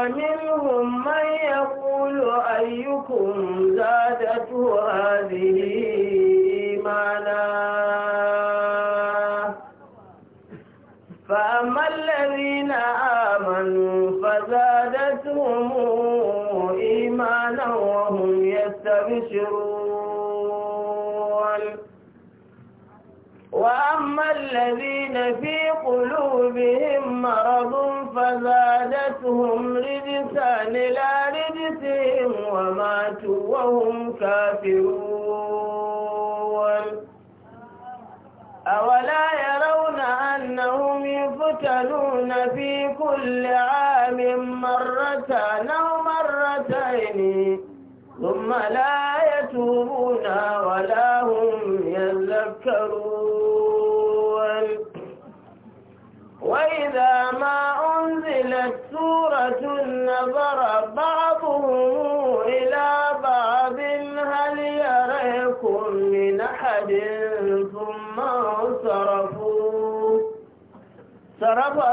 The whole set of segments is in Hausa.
ومنهم من يقول أيكم زادته هذه إيمانا فأما الذين آمنوا فزادتهم إيمانا وهم يستبشرون وأما الذين في قلوبهم مرض فزادتهم رجسا إلى رجسهم وماتوا وهم كافرون أولا يرون أنهم يفتنون في كل عام مرة أو مرتين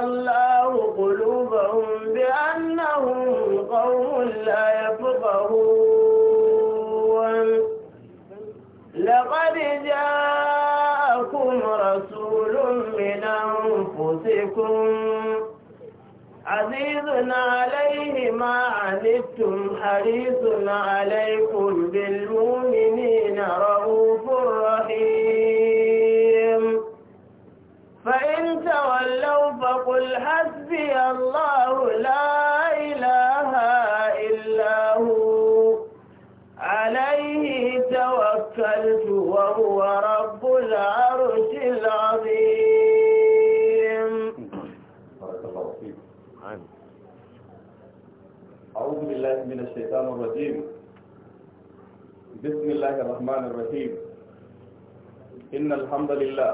الله قلوبهم بأنهم قوم لا يفقهون لقد جاءكم رسول من أنفسكم عزيز عليه ما عنتم حريص عليكم بالمؤمنين رؤوف رحيم فقل حسبي الله لا إله إلا هو عليه توكلت وهو رب العرش العظيم بارك الله فيك أعوذ بالله من الشيطان الرجيم بسم الله الرحمن الرحيم إن الحمد لله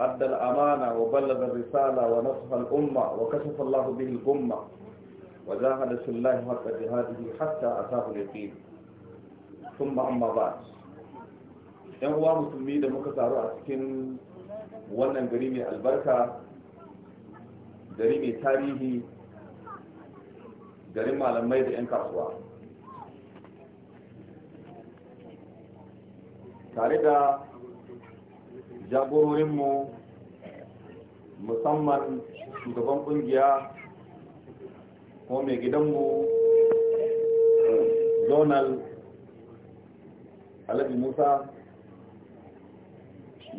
أدى الأمانة وبلغ الرسالة ونصح الأمة وكشف الله به الأمة وجاهد في الله حق جهاده حتى أتاه اليقين ثم أما بعد ‘yan uwa musulmi da muka taru a cikin wannan gari mai albarka gari mai tarihi gari malamai da 'yan kasuwa tare da jagororinmu musamman shugaban kungiya ko mai gidanmu Donald alabi musa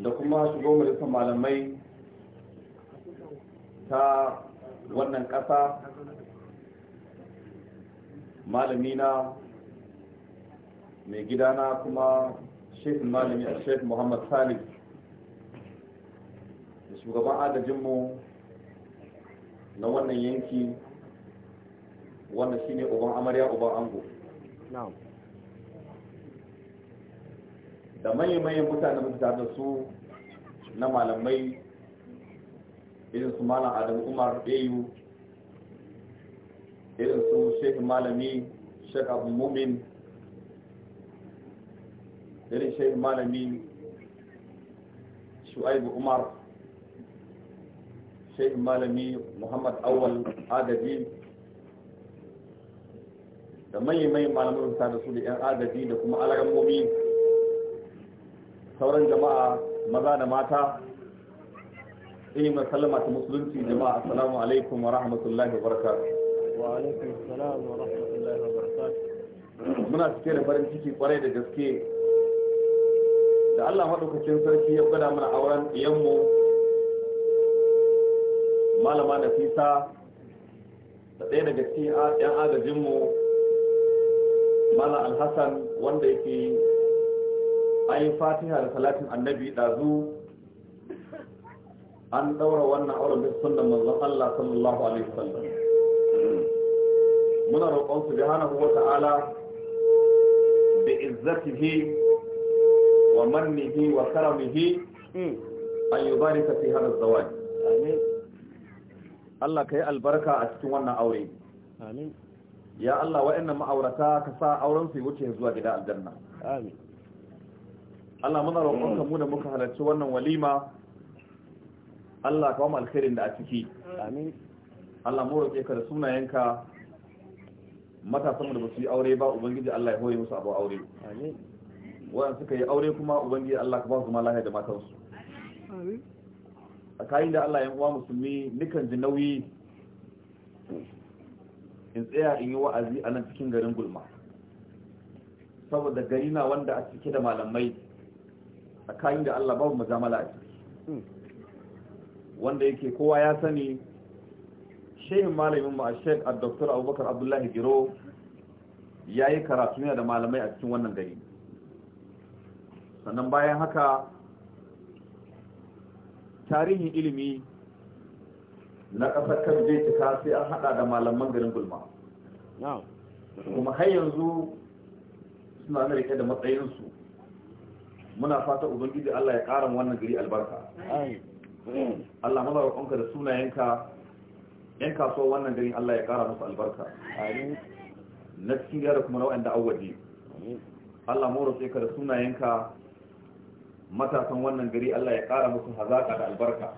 da kuma shugaban majalisar malamai ta wannan ƙasa malamina mai gidana kuma shekin malami a shekin muhammad salih da shugaban agajinmu na wannan yanki wanda shine uban amarya uban ango da manyan mutane mutu da su na malamai irin su malam adam umar ayu irin su sheik malami Sheikh abu mumin irin sheik malami shu'aibu umar shehin malami muhammad awal agaji da manyan manyan malamin sa da su da yan agaji da kuma alarammomi sauran jama'a maza da mata ilimin sallama ta musulunci jama'a assalamu alaikum wa rahmatullahi wa barakatuh wa alaikum salamu wa rahmatullahi wa barka. muna cike da farin ciki kwarai da gaske da Allah madaukakin sarki ya gwada mana auren iyanmu malama da fisa da ɗaya daga cikin 'yan agajinmu mana alhassan wanda yake ayin fatiha da salatin annabi ɗazu an ɗaura wannan auren da sunan manzon Allah sallallahu alaihi wasallam muna roƙon su subhanahu wa ta'ala bi izzatihi wa mannihi wa karamihi hmm. an yubarika fi hadha az amin Allah ka yi albarka a cikin wannan aure amin ya Allah wa'annan ma'aurata ka sa auren su wuce zuwa gida aljanna amin Allah muna roƙon ka mu da muka halarci wannan walima Allah ka mu alkhairin da a ciki amin Allah mu roƙe ka da sunayenka matasan da ba su yi aure ba ubangiji Allah ya hoye musu abu aure amin wa'an suka yi aure kuma ubangiji Allah ka ba su ma lafiya da matansu amin tsakanin da Allah ya uwa musulmi nikan ji nauyi in tsaya in yi wa'azi a nan cikin garin gulma saboda gari na wanda a cike da malamai tsakanin da Allah babu mazamala a ciki wanda yake kowa ya sani shehin malamin mu a shek a doktor abubakar abdullahi giro ya yi karatu da malamai a cikin wannan gari sannan bayan haka tarihin ilimi na ƙasar kan cika sai an haɗa da malaman garin gulma kuma har yanzu suna na rike da matsayinsu muna fata ubangiji Allah ya ƙara wannan gari albarka Allah maza roƙonka da sunayenka yan kasuwa wannan gari Allah ya ƙara musu albarka na cikin yara kuma na wa'anda awwaje Allah mu roƙe ka da sunayenka matasan wannan gari Allah ya ƙara musu hazaƙa da albarka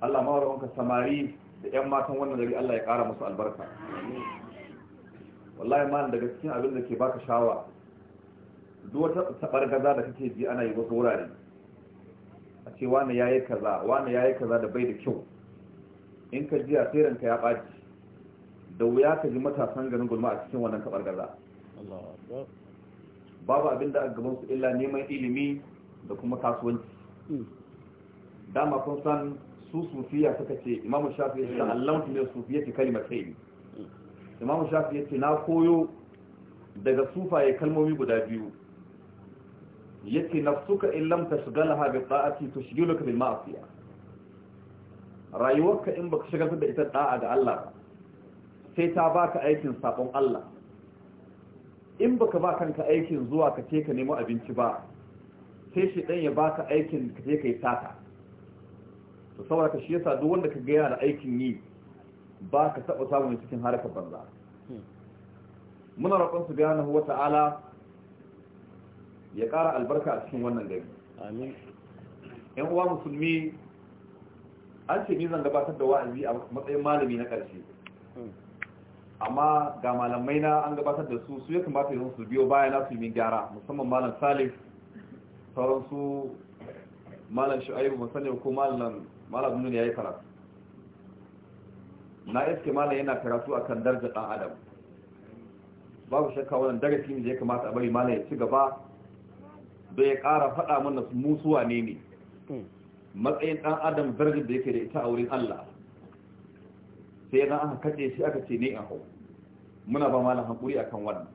Allah wanka samari da 'yan matan wannan gari Allah ya ƙara musu albarka wallahi ma daga cikin abin da ke baka shawa duk wata gaza da kake ji ana yi wasu wurare a ce wani ya yi kaza wani ya yi kaza da bai da kyau in ka ji a ka ya ɓaci da wuya ka ji matasan ganin gulma a cikin wannan tabargaza Allah babu abin da a gaban su illa neman ilimi da kuma kasuwanci hmm. dama kun san su sufiya suka ce imamu shafi ya ce da allamtu ne sufiya ce kalimar sai hmm. imamu shafi ya ce na koyo daga sufaye kalmomi guda biyu ya ce na suka illam ta shigalaha bi ta'ati to shige shigiluka bil ma'asiya rayuwarka in baka shigar da ita da'a ga Allah sai ta baka aikin sabon Allah in baka ba kanka aikin zuwa ka ce ka nemi abinci ba sai shi dan ya baka aikin ka je ka yi to saboda ka shi yasa duk wanda ka ga yana aikin yi ba ka taba samun cikin harkar banza muna roƙon su bayanan huwa ta'ala ya kara albarka a cikin wannan gari amin yan uwa musulmi an ce ni zan gabatar da wa'azi a matsayin malami na ƙarshe hmm. amma ga malamai na an gabatar da su su ya kamata yi su biyo baya na su yi gyara musamman malam salif sauransu malam shu'aibu musamman ko malam malam nuna ya yi karatu na iske malam yana karatu a kan darja ɗan adam babu shakka wannan darasi ne ya kamata a bari malam ya ci gaba da ya ƙara faɗa mana musuwa ne ne matsayin ɗan adam darajar da yake da ita a wurin allah sai na aka kace shi aka ce ne a hau muna ba malam Hankuri akan wannan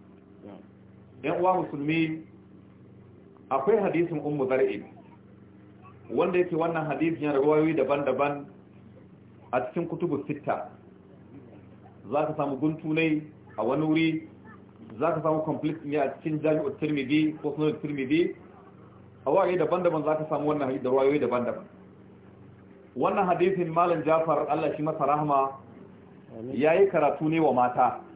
yan uwa musulmi akwai hadisin ummu zar'in wanda yake wannan hadisin yana rawayoyi daban-daban a cikin kutubu sita za ka samu guntu ne a wani wuri za ka samu complete ne a cikin jami'ar tirmidhi ko sunan tirmidhi a wari daban-daban za ka samu wannan hadisin da rawayoyi daban-daban wannan hadisin malam jafar Allah shi masa rahama yi karatu ne wa mata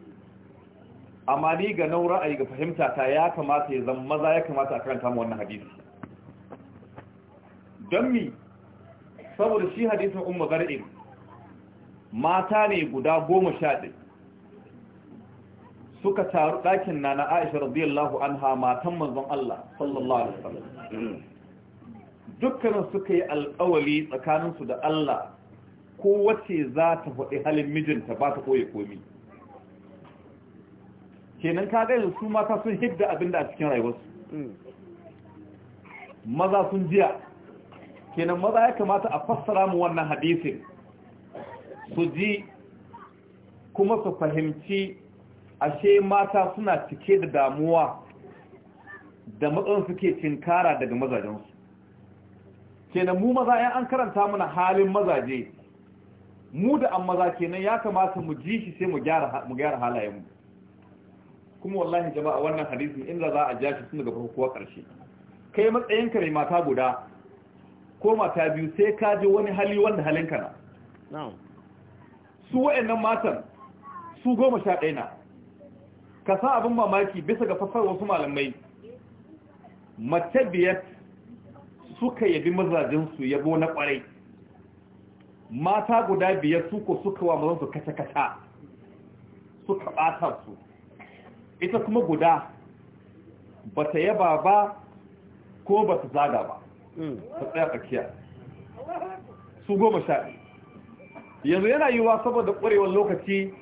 amma ni ga nau ra'ayi ga fahimta ta ya kamata ya zama maza ya kamata a karanta mu wannan hadisi don mi saboda shi hadisin umma gari mata ne guda goma sha ɗin suka taru ɗakin na na aisha radiyallahu anha matan manzon Allah sallallahu alaihi wasallam dukkanin suka yi alƙawari tsakaninsu da Allah ko wace za ta faɗi halin mijinta ba ta koye komi kenan ka ga yanzu mata sun hidda abinda a cikin rayuwarsu mm. maza sun jiya kenan maza ya kamata a fassara mu wannan hadisin su ji kuma su fahimci ashe mata suna cike da damuwa da matsayin suke cinkara daga mazajensu kenan mu maza yan an karanta mana halin mazaje mu da an maza kenan ya kamata mu ji shi sai mu gyara mu. kuma wallahi jama'a wannan hadisin inda za a jashi tun daga farko ƙarshe kai matsayinka ne mata guda ko mata biyu sai ka je wani hali wanda halinka na su wa'annan matan su goma sha ɗaya na ka sa abin mamaki bisa ga fassar wasu malamai mace biyar suka yabi su yabo na kwarai. mata guda biyar su ko suka wa mazansu kata suka ɓata su ita kuma guda ba ta yaba ba ko ba ta zaga ba ta hmm. tsaya tsakiya su goma sha yanzu yana yi wa saboda ƙwarewar lokaci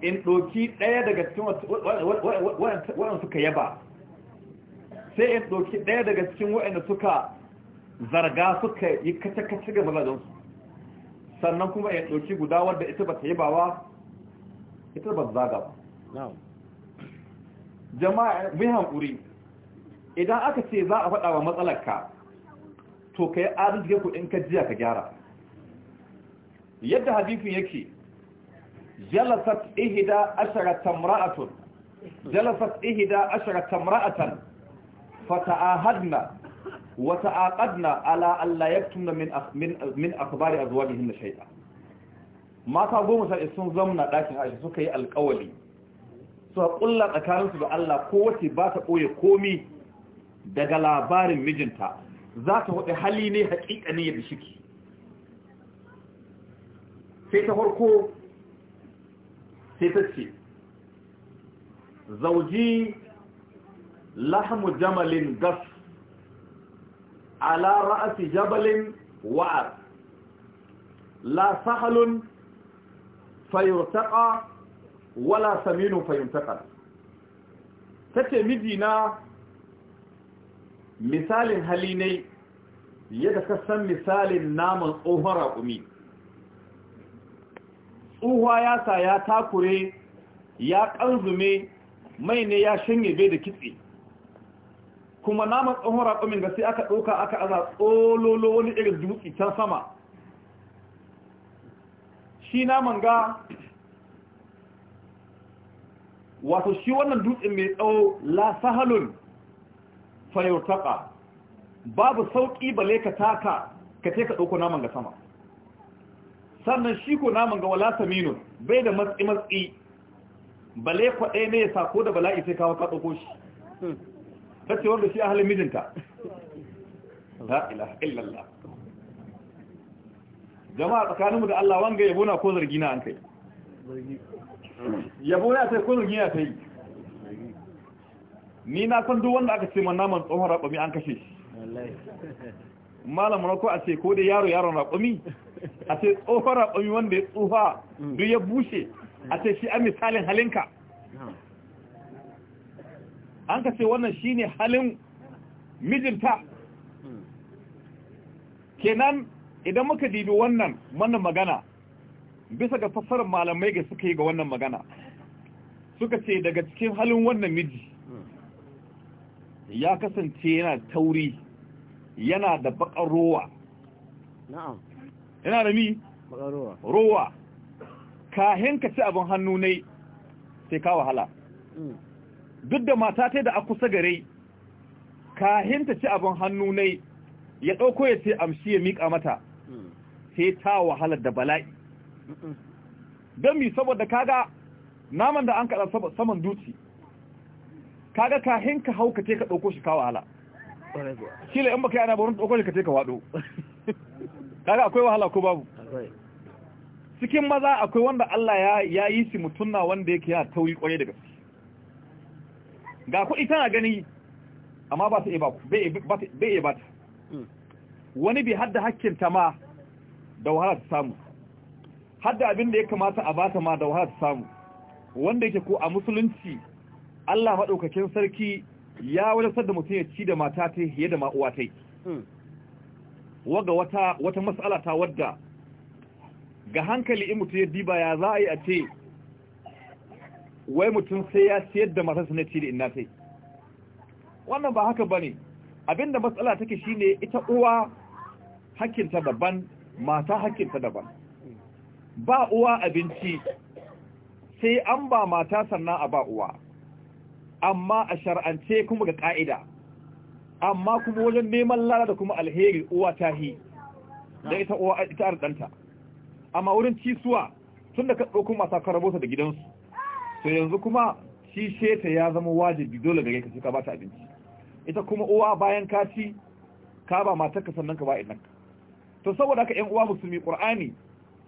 in ɗoki ɗaya daga cikin waɗanda suka yaba sai in ɗoki ɗaya daga cikin waɗanda suka zarga suka yi kace-kace ga mazajensu sannan kuma in ɗoki guda wadda ita ba ta yabawa ita ba zaga ba jama'a bin hankuri idan aka ce za a faɗa wa matsalarka to ka yi arziki kudin ka jiya ka gyara yadda hadifin yake jalasat ihida asharatan ra'atun jalasat ihida asharatan ra'atan fata'ahadna wa ta'aqadna ala alla yaktumna min min min akhbari azwajihin shay'a mata goma sai sun zamna dakin Aisha suka yi alƙawari su a ƙulla tsakaninsu da Allah ko wace ba ta ɓoye komi daga labarin mijinta za ta waɗe hali ne haƙiƙa ne yadda shi sai ta farko sai ta ce zauji lahamu jamalin gas ala ra'asi jabalin wa'ar la sahalun fayyar wala Saminu fayuntakar ta ce mijina misalin hali ne yadda ka san misalin naman tsohon raƙumi tsuhuwa ya sa ya takure ya ƙanzume mai ne ya shanye bai da kitse kuma naman tsohon raƙumin ga sai aka ɗauka aka aza tsololo wani irin dutse can sama shi naman ga wato shi wannan dutse mai tsawo la sahalun fayotaka babu sauki bale ka taka ka ce ka dauko naman ga sama sannan shi ko naman ga wala saminu bai da matsi matsi bale kwaɗe ne ya sako da bala'i sai kawo ka dauko shi ce wanda shi ahalin mijinta la ilaha illallah jama'a tsakaninmu da Allah wanga yabo na ko zargi na an kai yabo ne a sai ko ne a sai ni na san duk wanda aka ce man naman tsohon raƙumi an kashe shi malamin rako a ce ko da yaro yaron raƙumi a ce tsohon raƙumi wanda ya tsufa duk ya bushe a ce shi a misalin halinka an ka ce wannan shi ne halin mijinta kenan idan muka dibi wannan wannan magana bisa ga fassarar malamai ga suka yi ga wannan magana suka ce daga cikin halin wannan miji ya kasance yana tauri yana da bakar rowa na'am yana da mi bakar rowa kahin ka ci abin hannu ne sai ka wahala mm. duk da mata ta da a kusa gare kahin ta ci abin hannu ne ya dauko ya ce amshi ya mika mata mm. sai ta wahala da bala'i don mi saboda kaga naman da an kada saman dutse kaga kahin ka hau ka ce ka ɗauko shi kawo ala kila in baka yana barin ɗauko shi ka ce ka waɗo kaga akwai wahala ko babu cikin maza akwai wanda Allah ya yi shi mutunna wanda yake ya tauri kwaye da gaske ga kuɗi tana gani amma ba ta iya baku bai iya ta. Hmm. wani bi hadda ta ma da wahala ta samu har da abin da ya kamata a bata ma da wahala samu wanda yake ko a musulunci Allah maɗaukakin sarki ya wadatar da mutum ya ci da mata ta yi da ma'uwa hmm. ta waga wata wata matsala ta wadda ga hankali in mutum ya diba ya za a yi a ce wai mutum sai ya siyar da matarsa na ci da inna ta wannan ba haka ba ne abinda matsala take shine ita uwa hakkinta daban mata hakkinta daban ba uwa abinci sai an ba mata sannan a ba uwa amma a shar'ance kuma ga ƙa'ida amma kuma wajen neman lara da kuma alheri uwa ta hi da ita uwa ita arzanta amma wurin cisuwa tun da ka kuma masu karabota da gidansu to yanzu kuma cishe ta ya zama wajibi dole gare ka ka ba ta abinci ita kuma uwa bayan ka ci ka ba matarka sannan ka ba idan to saboda haka 'yan uwa musulmi qur'ani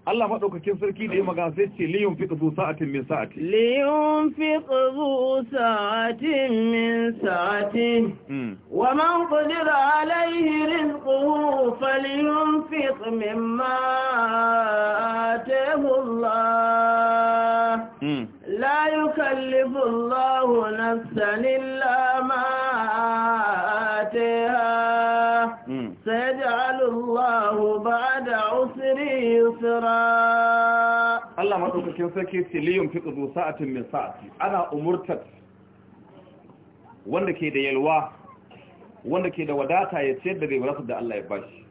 Allah maɗaukakin sarki da ya magana sai ce liyun fi zu sa'atin min sa'ati. Liyun fi zu sa'atin min sa'ati. Hmm. Wa man qadira alaihi rizquhu falyunfiq mimma ataahu Allah. Hmm. La yukallifu Allah nafsan illa ma ataaha. سيجعل الله بعد عسر يسرا الله مدوكين سكي تليم في قدو ساعة من ساعتي أنا أمرتك wanda ke da yalwa wanda ke da wadata ya da ribarsu da Allah ya bashi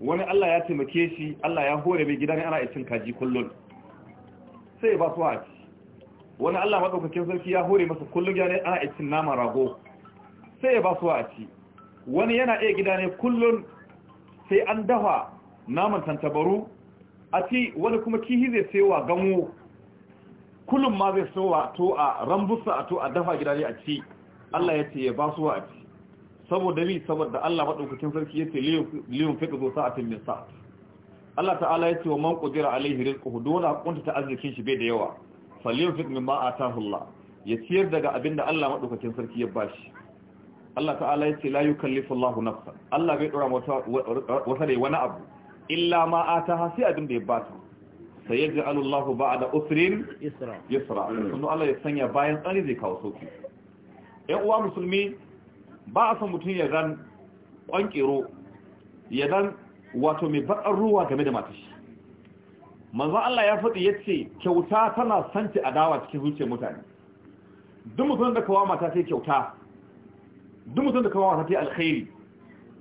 wani Allah ya taimake shi Allah ya hore mai gidan ana cin kaji kullun sai ba su haji wani Allah madaukakin sarki ya hore masa kullun ya ne ana cin nama rago sai ba su haji wani yana iya gida ne kullum sai an dafa naman tantabaru a ci wani kuma kihi zai sayowa gamo kullum ma zai sayowa to a rambusa a to a dafa gida ne a ci Allah ya ce ya ba su wa a ci saboda ni saboda Allah maɗaukakin sarki ya ce liyun fiƙa zo a min sa. Allah ta'ala ya ce wa man ƙudira alaihi rizquhu hudu wani kunta ta arzikin shi bai da yawa liyun fiƙ min ma atahu Allah ya ciyar daga abinda Allah maɗaukakin sarki ya bashi Allah ta'ala ya ce la yukallifu Allah nafsan Allah bai dora wata wata ne wani abu illa ma ataha sai abin da ya bata sai yaj'alu Allah ba'da usrin yusra yusra Allah ya sanya bayan tsari zai kawo sauki ƴan uwa musulmi ba a san mutum ya zan kwankiro ya zan wato mai bakar ruwa game da matashi manzo Allah ya faɗi yace kyauta tana sanci adawa cikin zuciyar mutane duk mutum da kawo mata sai kyauta duk mutum da kawo wasa ta alkhairi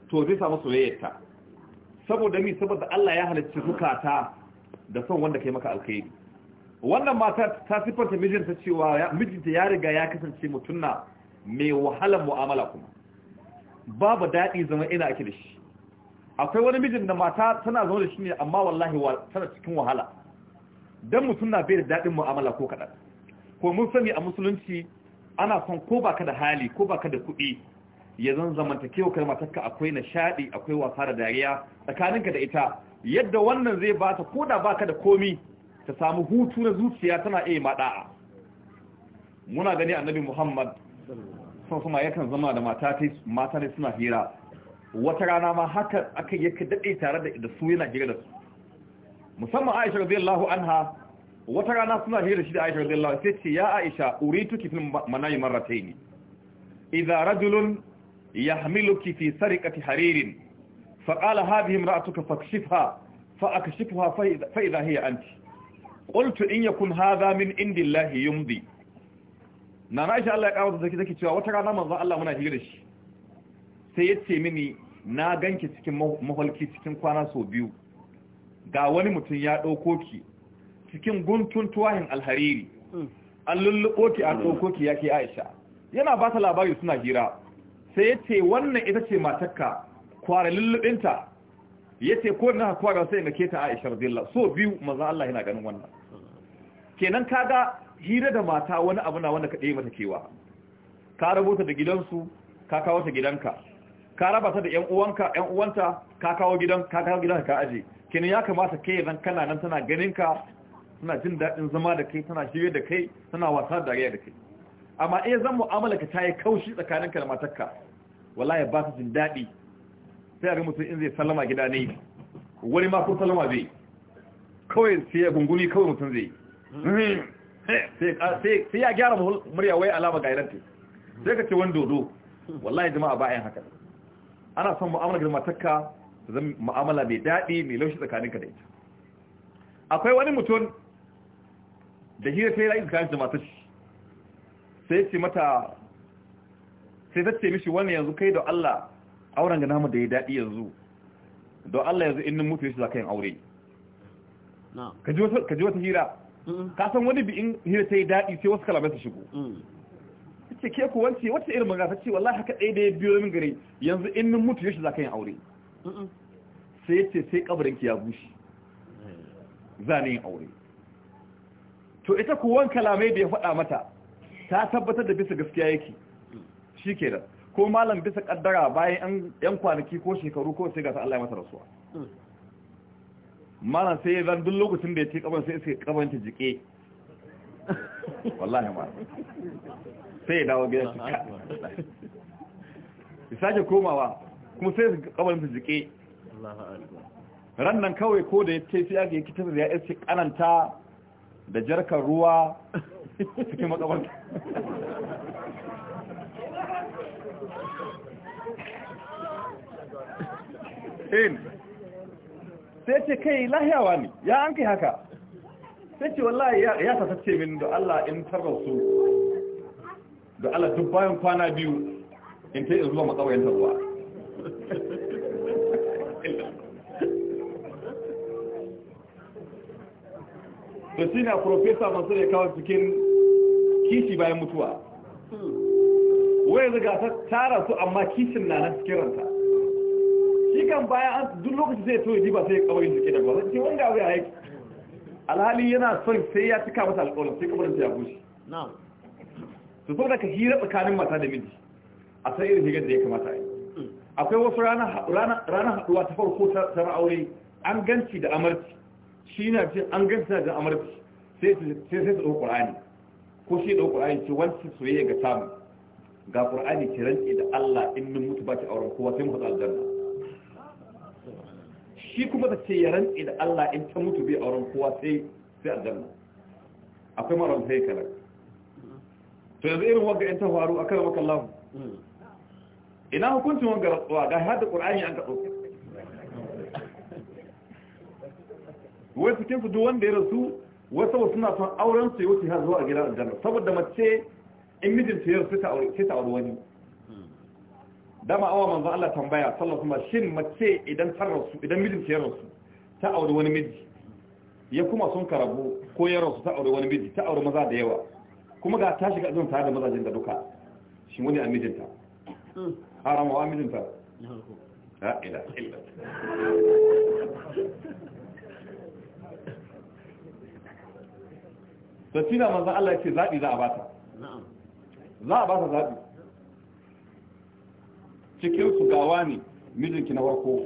to zai samu soyayyarta saboda mi saboda Allah ya halicci zukata da son wanda kai maka alkhairi wannan mata ta siffanta mijinta cewa mijinta ya riga ya kasance mutum na mai wahalar mu'amala kuma babu daɗi zama ina ake da shi akwai wani mijin da mata tana zama da shi ne amma wallahi tana cikin wahala Dan mutum na bai da daɗin mu'amala ko kaɗan ko mun sani a musulunci ana son ko baka da hali ko baka da kuɗi ya zan zamantakewa kai matarka akwai nishaɗi akwai wasa da dariya tsakaninka da ita yadda wannan zai ba ta ko da baka da komi ta samu hutu na zuciya tana iya maɗa'a muna gani annabi muhammad sun suma yakan zama da mata ne suna hira wata rana ma haka aka yake daɗe tare da su yana hira da su musamman aisha radiyallahu anha wata rana suna hira shi da Aisha radiyallahu anha sai ce ya Aisha urituki fil manami marratayn idha rajulun yahmiluki fi sariqati haririn fa qala hadhihi imra'atuka fakshifha fa akshifha fa idha hiya anti qultu in yakun hadha min indillahi yumdi na Aisha Allah ya kawo zaki zaki cewa wata rana manzo Allah muna hira shi sai yace mini na ganki cikin maholki cikin kwana so biyu ga wani mutum ya dauko ki cikin guntun tuwahin alhariri mm. an lulluɓo a tsokoki mm. ya ke aisha yana ba ta labari suna hira sai ya ce wannan ita ce matakka kwara lullubinta ya ce ko na kwara sai ga keta aisha radiyallah so biyu maza Allah yana ganin wannan kenan kaga hira da mata wani abu na wanda ka ɗaya mata kewa ka rubuta da gidansu ka kawo ta gidanka ka raba ta da 'yan uwanka yan uwanta ka kawo gidan ka kawo gidanka ka aje kenan ya kamata kai zan kana nan tana ganin ka tana jin daɗin zama da kai tana shirye da kai tana wasa da dariya da kai amma iya zan mu'amala ka ta yi kaushi tsakaninka da matarka ya ba su jin daɗi sai a ga mutum in zai sallama gida ne wani ma ko sallama bai kawai sai ya gunguni kawai mutum zai sai ya gyara murya wai alama ga iranta sai ka ce wani dodo ya jama'a bayan haka ana son mu'amala da matarka zan mu'amala mai daɗi mai laushi tsakaninka da ita akwai wani mutum da hira ta yi ra'ayi tsakanin da matar shi sai ce mata sai ta ce mishi wannan yanzu kai da Allah auren ga namu da ya daɗi yanzu don Allah yanzu in mutu ya shi za ka yin aure ka ji wata hira ka san wani bi in hira ta yi daɗi sai wasu kalamai su shigo mm. ce ke ku wance wata irin magana ta ce wallahi haka ɗaya da ya biyo min gare yanzu in mutu ya shi za ka yin aure sai ce sai ki ya bushe eh. za ni yin aure to ita kuwan kalamai da ya faɗa mata ta tabbatar da bisa gaskiya yake shi ke da ko malam bisa kaddara bayan yan kwanaki ko shekaru ko sai ga ta Allah ya mata rasuwa malam sai ya zan duk lokacin da ya ce kaban sai sai kaban ta jike wallahi ma sai ya dawo gida shi ya sake komawa kuma sai ya kaban ta jike ran nan kawai ko da ya ce sai ya ga kitar ya ce kananta da jarkar ruwa cikin matsawar in sai ce kai lahiyawa ne ya an kai haka sai ce wallahi ya tasace min da Allah in su da Allah duk bayan kwana biyu in ta yi zuwa yanta ruwa to na profesa masu da kawo cikin kishi bayan mutuwa wai ga ta tara su amma kishin na nan cikin ranta shi kan bayan an duk lokacin sai to ji ba sai kabarin jike da ba sai wanda abu ya yi alhali yana son sai ya cika masa alƙawarin sai kamar ya bushe Su to saboda ka hira tsakanin mata da miji a sai irin higar da ya kamata yi mm. akwai wasu ranar haɗuwa ta farko ta aure an ganci da amarci shi na ce an gasa da amurci sai sai su ɗau ƙur'ani ko shi ɗau ƙur'ani ce wancan soyayya ga samu ga ƙur'ani ki rantse da Allah in min mutu ba ki auren kowa sai mu haɗu aljanna shi kuma ta ce ya rantse da Allah in ta mutu bai auren kowa sai sai aljanna akwai maron sai kalar to yanzu irin wanga in ta faru a kan makallahu lahu hmm. ina hukuncin wanga rantsuwa ga hada ƙur'ani an ka ɗauke wai cikin su fito wanda ya rasu wasu suna son auren su ya wuce har zuwa gidan aljanna saboda mace in mijinta ya rasu ta aure sai ta aure wani dama awa manzo Allah tambaya sallallahu alaihi wasallam shin mace idan ta rasu idan mijinta ya rasu ta aure wani miji ya kuma sun karabu ko ya rasu ta aure wani miji ta aure maza da yawa kuma ga ta shiga azun tare da mazajin da duka shin wani a mijinta harama wa mijinta la ilaha da tina manzan Allah ya ce zaɓi za a ba ta za a ta zaɓi cikin su gawa ne mijinki na warko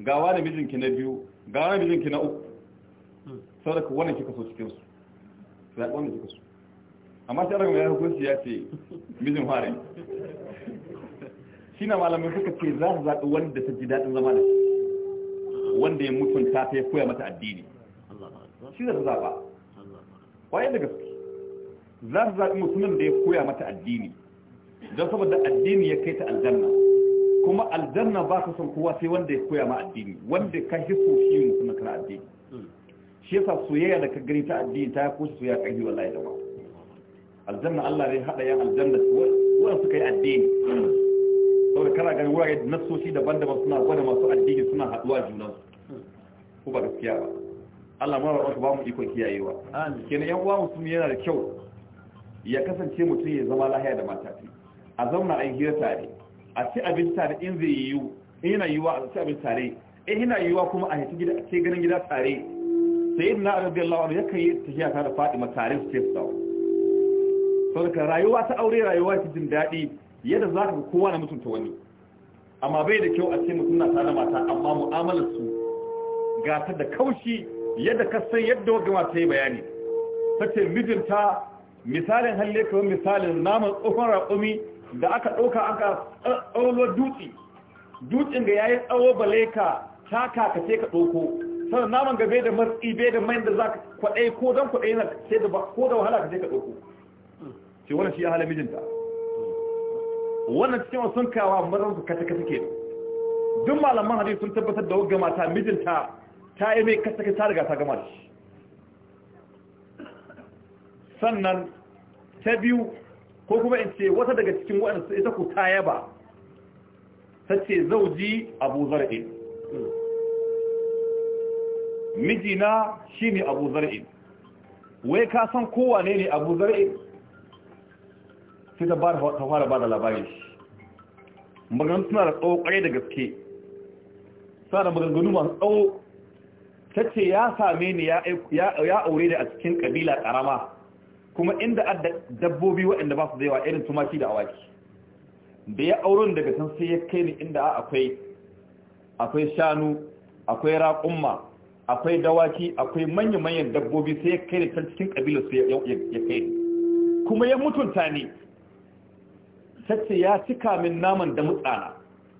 gawa ne mijinki na biyu gawa ne mijinki na uku sau da wannan kika so cikin su zaɓi wanda kika so amma sai daga mai hukunci ya ce mijin fare shi na malamai suka ce za su zaɓi wanda ta ji daɗin zama da shi wanda ya mutunta ta ya koya mata addini shi da ta zaɓa kwaye da gaske za ta zaɓi mutumin da ya koya mata addini don saboda addini ya kai ta aljanna kuma aljanna ba ka son kowa sai wanda ya koya ma addini wanda ka hi so shi mutumin kana addini shi yasa soyayya da ka gani ta addini ta ya ko soyayya kan yi wallahi da ba aljanna Allah zai hada yan aljanna wanda suka yi addini saboda kana ganin wurare nasoshi daban-daban suna gwada masu addini suna haɗuwa junansu ko ba gaskiya ba Allah ma ba ba mu ikon kiyayewa kenan yan uwa musulmi yana da kyau ya kasance mutum ya zama lahiya da mata a zauna a hira tare a ci abinci tare in zai yiwu in yana yiwuwa a ci abinci tare in yana yiwuwa kuma a haifi gida a ce ganin gida tare sai na radiyallahu lawan yakan yi tafiya ta da Fatima tare su ce sau da rayuwa ta aure rayuwa ta jin daɗi yadda za ka kowa na mutunta wani amma bai da kyau a ce mutum na tare mata amma mu'amalar su ta da kaushi yadda ka san yadda wata ta yi bayani ta ce mijinta misalin halle kawai misalin naman tsohon raƙumi da aka ɗauka aka tsawon dutse dutsen ga yayi tsawo baleka ka kakace ka ɗauko sannan naman gabe da matsi bai da mayan da za ka kwaɗe ko don kwaɗe na ce da ko da wahala ka ce ka ɗauko ce wani shi ya hala mijinta wannan cikin sun kawa mazan su kata kata ke duk malaman hadisi sun tabbatar da wagga mata mijinta ta yi mai kasake ta riga ta gama shi sannan ta biyu ko kuma in ce wata daga cikin waɗansu ita ku ta yaba ta ce zauji abu mijina shi ne abu wai ka san kowane ne abu zar'in sai ta fara ba da labarin shi maganin suna da tsawo ƙwarai da gaske suna da maganganu masu tsawo ta ce ya same ni ya aure ni a cikin kabila karama kuma inda adda dabbobi waɗanda ba su da yawa irin tumaki da awaki da ya auren daga can sai ya kai ni inda akwai akwai shanu akwai raƙumma akwai dawaki akwai manya-manyan dabbobi sai ya kai ni can cikin kabila su ya kai ni kuma ya mutunta ni ta ce ya cika min naman da mutsana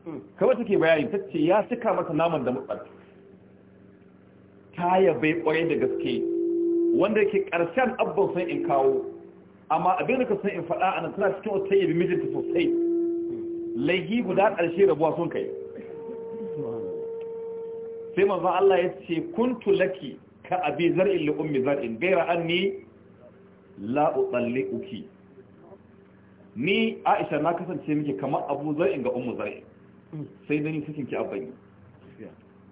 hmm. kawai take bayani ce ya cika masa naman da mutsana taya bai kwarai da gaske wanda yake ƙarshen abban san in kawo amma abin da ka san in faɗa a nan tana cikin wata yabi mijinta sosai laihi guda ƙarshe rabuwa sun kai sai manzan Allah ya ce kun laki ka abi zar'in li ummi zar'in gaira anni la uki ni Aisha na kasance miki kamar abu zar'in ga ummu zar'in sai dani sakin ki abban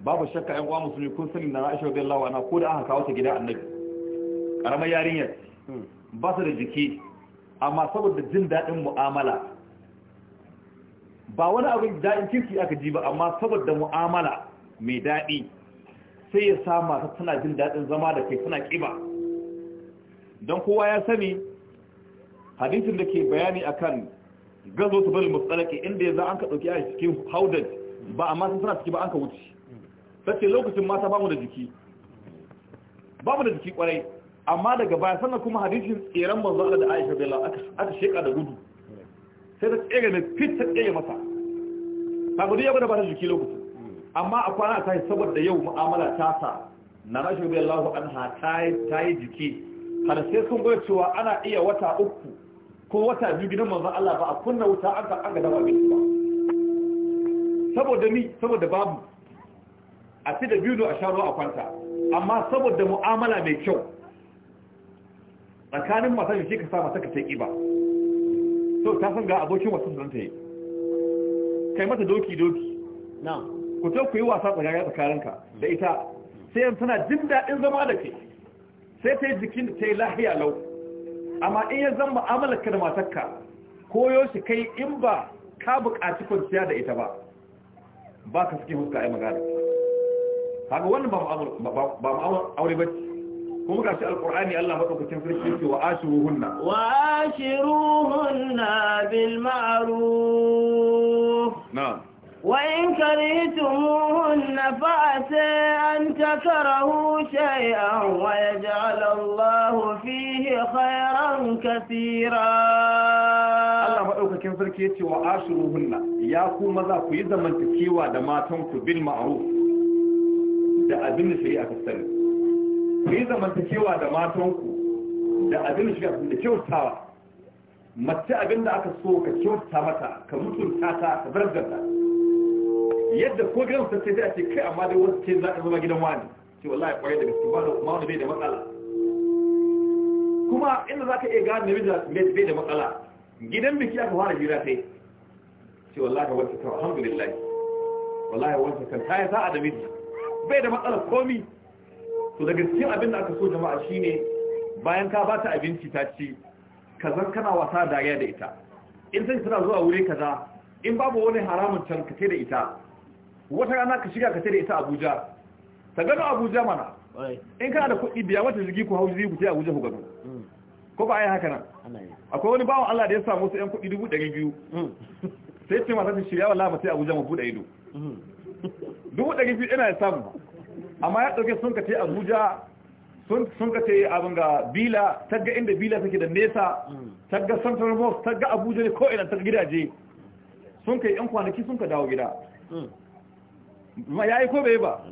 babu shakka ƴan uwa musulmi kun sani na Aisha radiyallahu anha ko da aka kawo ta gida annabi karamar yarinyar ba su da jiki amma saboda jin daɗin mu'amala ba wani abin daɗin kirki aka ji ba amma saboda mu'amala mai daɗi sai ya sama ta tana jin daɗin zama da kai tana ƙiba don kowa ya sani hadisin da ke bayani akan gazo su bari musulaki inda ya za an ka ɗauki a cikin haudar ba amma sun suna ciki ba an ka wuce ta ce lokacin mata bamu da jiki bamu da jiki kwarai amma daga baya sannan kuma hadisin tseren manzo Allah da Aisha bela aka sheka da gudu sai ta tsere ne fit ta tsere masa ta gudu ya gudu ba ta jiki lokacin amma a kwana ta yi saboda yau mu'amala ta sa na Aisha an anha ta yi jiki har sai sun gwada cewa ana iya wata uku ko wata biyu gidan manzo Allah ba a kunna wuta an ga an ga dafa ba saboda ni saboda babu a fi da biyu a sha ruwa a kwanta amma saboda mu'amala mai kyau tsakanin mata shi ka sa mata ka ta ƙiba so ta san ga abokin wasan da ta yi kai mata doki doki ku ta ku yi wasa tsakanin tsakaninka da ita sai yin tana jin daɗin zama da ke sai ta yi jikin da ta yi lahiya lau amma in ya zama ka da matarka ko shi kai in ba ka buƙaci kwanciya da ita ba ba ka suke huska yi magana kaga wannan ba mu aure ba kuma ga shi alkur'ani Allah madaukakin sarki yake wa ashiruhunna wa ashiruhunna bil ma'ruf na'am wa in karihtumuhunna fa asa an takrahu shay'an wa yaj'al Allah fihi khayran katira Allah madaukakin sarki yace wa ashiruhunna ya kuma za ku yi zamantakewa da matan ku bil ma'ruf da abin da shari'a ta sani ku yi zamantakewa da matanku da abin da shari'a da kyautawa mace abin da aka so ka kyauta mata ka mutunta ta ka zargata yadda ko gidan ta ce sai a ce kai amma dai wasu ce za ka zama gidan wani ce wallahi kwaye da gaske ba da kuma wani bai da matsala kuma inda za ka iya gane namiji bai da matsala gidan biki aka fara hira sai ce wallahi wancan kan alhamdulillah wallahi wancan kan ta yi a da miji bai da matsalar komi to daga cikin abin da aka so jama'a shine bayan ka ba ta abinci ta ci zan kana wasa dariya da ita in sai tana zuwa wuri kaza in babu wani haramun can ka da ita wata rana ka shiga ka da ita Abuja ta gano Abuja mana in kana da kuɗi biya mata jirgi ku hau jirgi ku je Abuja ku gano mm. ko ba ai haka nan akwai wani bawan Allah da ya samu su yan kuɗi dubu ɗari biyu mm. sai ce mata ta shirya wallahi ba sai Abuja mu buɗe ido mm. dubu ɗari biyu ina samu amma ya ɗauke sun kace abuja sun kace ce abin ga bila tagga inda bila take da nesa tagga central mosque tagga abuja ne ko ina ta gidaje sun kai yan kwanaki sun ka dawo gida ya yi ko bai ba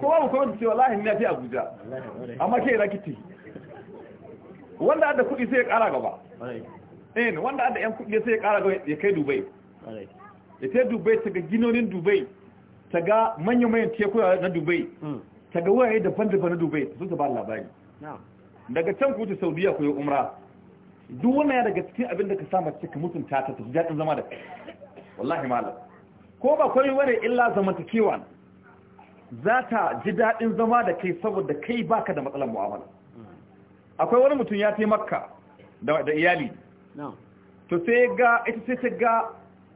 ko ba mu ce cewa lahin ya fi abuja amma ke ina kiti wanda adda kudi sai ya kara gaba in eh, wanda adda yan kudi sai ya kara gaba ya kai dubai ya kai dubai ta ga ginonin dubai ta ga manyan manyan tekuna na dubai mm. ta ga wurare daban-daban na dubai sun ta ba labari daga can ta saudiya ku yi umra duk wani ya daga cikin abin da ka sa mace ka mutunta ta tafi jaɗin zama da kai wallahi malam ko ba kwari wani illa zamantakewa za ta ji daɗin zama da kai saboda kai baka da matsalar mu'amala mm. akwai wani mutum ya taimaka da iyali to sai ga ita sai ta ga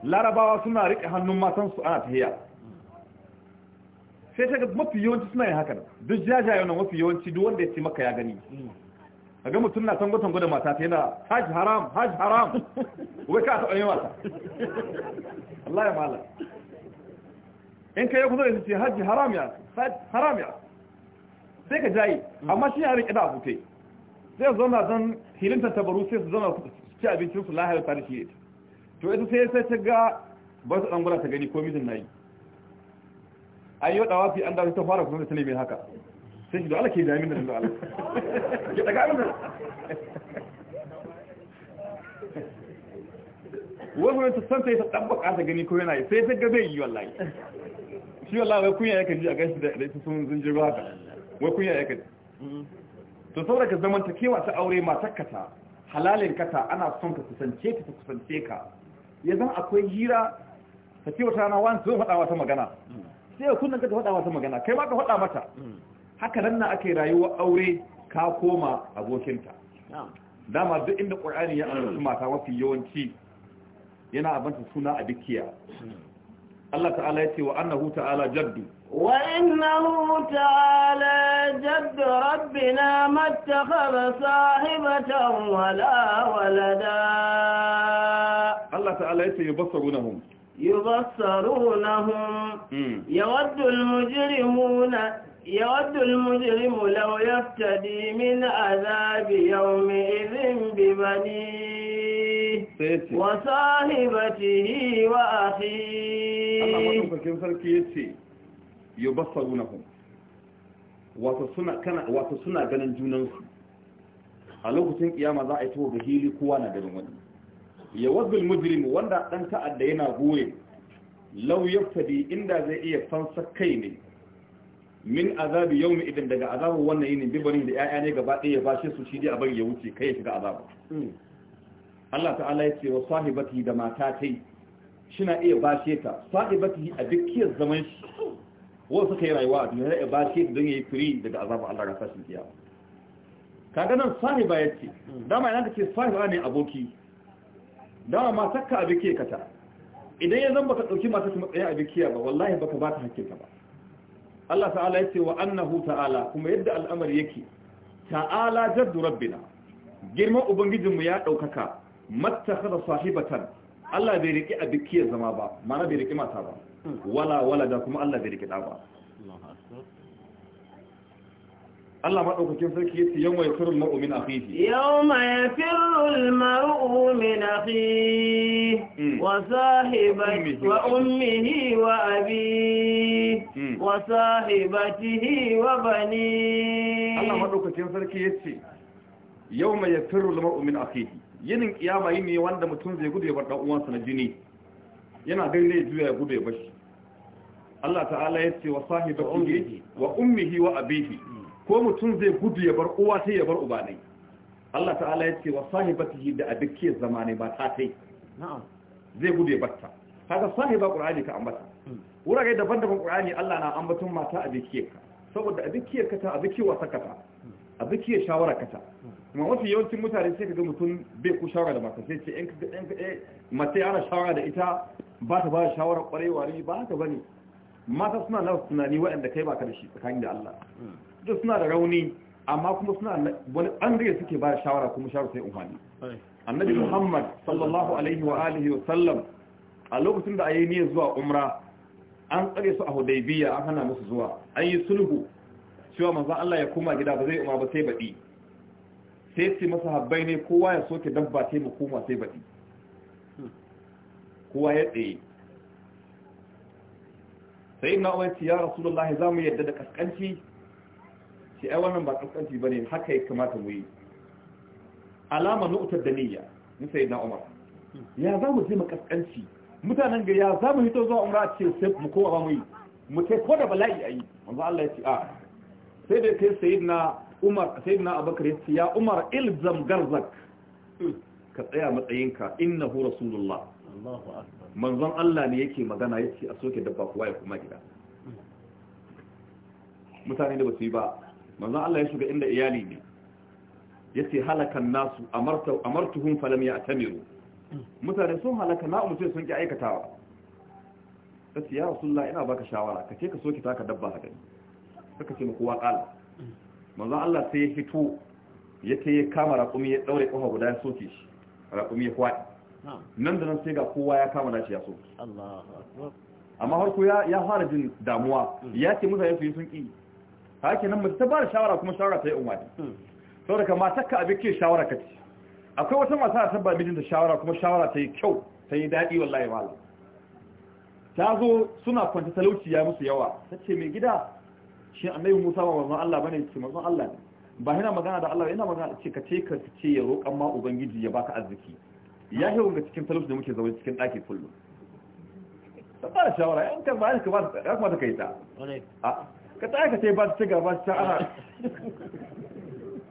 larabawa suna riƙe hannun matansu ana tahiya sai ta ga mafi yawanci suna yin haka duk jajaye nan mafi yawanci duk wanda ya ce maka ya gani a ga mutum na tango-tango da mata ta yana hajj haram hajj haram wai ka taɓa yi mata Allah ya mala in ka yi kuzo da ce hajj haram ya hajj haram ya sai ka jayi amma shi ya riƙe da abu sai su zauna zan hilin tabaru sai su zauna ci abincin su lahayar tarihi to ita sai sai ta ga ba su ɗan ta gani ko mijin na yi Ayi wa wadawa fi an dawo ta fara kuma da mai haka sai da Allah ke da da da Allah ke daga abin nan wani ta san sai ta tabbaka ta gani ko yana yi sai ta ga bai yi wallahi shi wallahi wai kunya yake ji a gashi da ita sun ba haka wai kunya yake to saboda ka zaman ta kewa ta aure takkata halalin kata ana son ka kusance ta ta kusance ka ya zan akwai hira ta ce wata rana wani zo faɗa wata magana sai kunnan ka ta faɗa mata magana kai ma ka faɗa mata hmm. haka nan na ake rayuwa aure ka koma abokinta dama duk inda ƙur'ani ya ambaci mata mafi yawanci yana abanta suna a dukiya hmm. Allah ta'ala ya ce wa annahu ta'ala jaddu wa innahu ta'ala jaddu rabbina mattakhadha sahibatan wala walada Allah ta'ala ya ce yubassirunahum يبصرونهم يود المجرمون يود المجرم لو يفتدي من عذاب يومئذ ببنيه وصاحبته وأخيه يبصرونهم wato suna ganin junansu a lokacin kiyama za a yi tuwo da hili kowa na ganin wani ya wazbil mujirin wanda dan ta'adda yana lau ya fadi inda zai iya fansa kai ne min azabi yau mai idan daga azabu wannan yini bibirin da 'ya'ya ne gaba ɗaya ya bashe su shi dai a bari ya wuce kai ya shiga azabin hmm. Allah ta'ala ya ce wa sahibati da mata shi na iya bashe ta sahibati a dukkiyar zaman shi wanda suka yi rayuwa a duniya ya bashe ta don ya yi firi daga azabu Allah ga sashin kiyama kaga nan sahiba ce hmm. dama yana kace sahiba ne aboki Dawa matakka a bikiya kata idan ya zan baka ɗauki matakka matsayin a bikiya ba wallahi baka ba ta hakkinka ba Allah ta'ala ya ce wa annahu ta'ala kuma yadda al'amari yake ta'ala jaddu rabbina girman ubangijinmu ya ɗaukaka mattakhadha sahibatan Allah bai rike a bikiyar zama ba mana bai riki mata ba wala wala da kuma Allah bai riki da ba Allah maɗaukakin sarki yace yawma yafirul mar'u min Yau mai yafirul mar'u min akhihi mm. wa sahibatihi wa ummihi wa abihi mm. wa sahibatihi wa bani Allah maɗaukakin sarki yau mai yafirul mar'u min akhihi yinin kiyama ne wanda mutum zai gudu ya bar ɗan'uwansa na jini yana ganin ne juya ya gudu ya bashi Allah ta'ala ya ce wa sahibatihi wa ummihi wa abihi ko mutum zai gudu ya bar uwa sai ya bar uba ne Allah ta'ala ya ce wa sahibatihi da abikiyar zama ne ba ta kai zai gudu ya batta kaga sahiba qur'ani ka ambata wurare daban-daban qur'ani Allah na ambaton mata abikiyar ka saboda abikiyar ka ta abikiyar wasa ka ta abikiyar shawara ka ta kuma wasu yawancin mutane sai kaga mutum bai ku shawara da mata sai ce in kaga in kaga eh, mace ana shawara da ita ba ta ba shawara kwarewa ne ba ta bane mata suna nawa tunani waɗanda kai ba ka da shi tsakanin da Allah hmm. duk suna da rauni amma kuma suna wani ɓangare suke ba da shawara kuma shawara sai umarni annabi muhammad sallallahu alaihi wa alihi wa sallam a lokacin da ayi niyyar zuwa umra an tsare su a hudaybiya an hana musu zuwa an yi sulhu cewa manzon Allah ya koma gida ba zai umma ba sai baɗi sai su masa habbai ne kowa ya soke dabba sai mu koma sai baɗi kowa ya tsaye sai ina wani ya rasulullahi za mu yadda da kaskanci shi ai wannan ba kaskanci bane haka ya kamata mu yi alama nu'tar da niyya ni sai na umar ya za mu je mu kaskanci mutanen ga ya za mu hito zuwa umra ce sai mu kowa ba mu yi mu kai ko da bala'i ayi manzo Allah ya ce a sai da kai sayyidina umar sayyidina abubakar ya ce ya umar ilzam garzak ka tsaya matsayinka innahu rasulullah Allahu akbar manzon Allah ne yake magana yace a soke dabba kuwa ya kuma gida mutane da ba su yi ba manzon Allah ya shiga inda iyali ne yace halakan nasu amartu amartuhum falam ya'tamiru mutane sun halaka na umurce sun ki aikatawa sai ya rasulullah ina baka shawara kace ka soki taka dabba haka suka ce kowa kala manzon Allah sai ya fito yace ya kama raƙumi ya daure kofa guda ya soke shi raƙumi ya kwaɗi nan da nan sai ga kowa ya kama nashi ya soke Allahu akbar amma ku ya fara jin damuwa mm. ya mutane su yi sun ki. haka nan mutum ta ba da shawara kuma shawara ta yi ne. Sau da matar ka abin ke shawara ka ce akwai wata masu ta ba mijinta shawara kuma shawara ta yi kyau ta yi daɗi wallahi malam ta zo suna kwanta talauci ya musu yawa ta ce mai gida shi annabi musa ba mazan allah bane ce mazan allah ne ba yana magana da allah yana magana ce ka ce ka ce ya roƙan ma ubangiji ya baka arziki ya yi wanga cikin talauci da muke zaune cikin ɗaki kullum ta ba da shawara yan kan bayan ka ba ta ka yi ta ka ta ka ba ta ciga ba ta sha'ara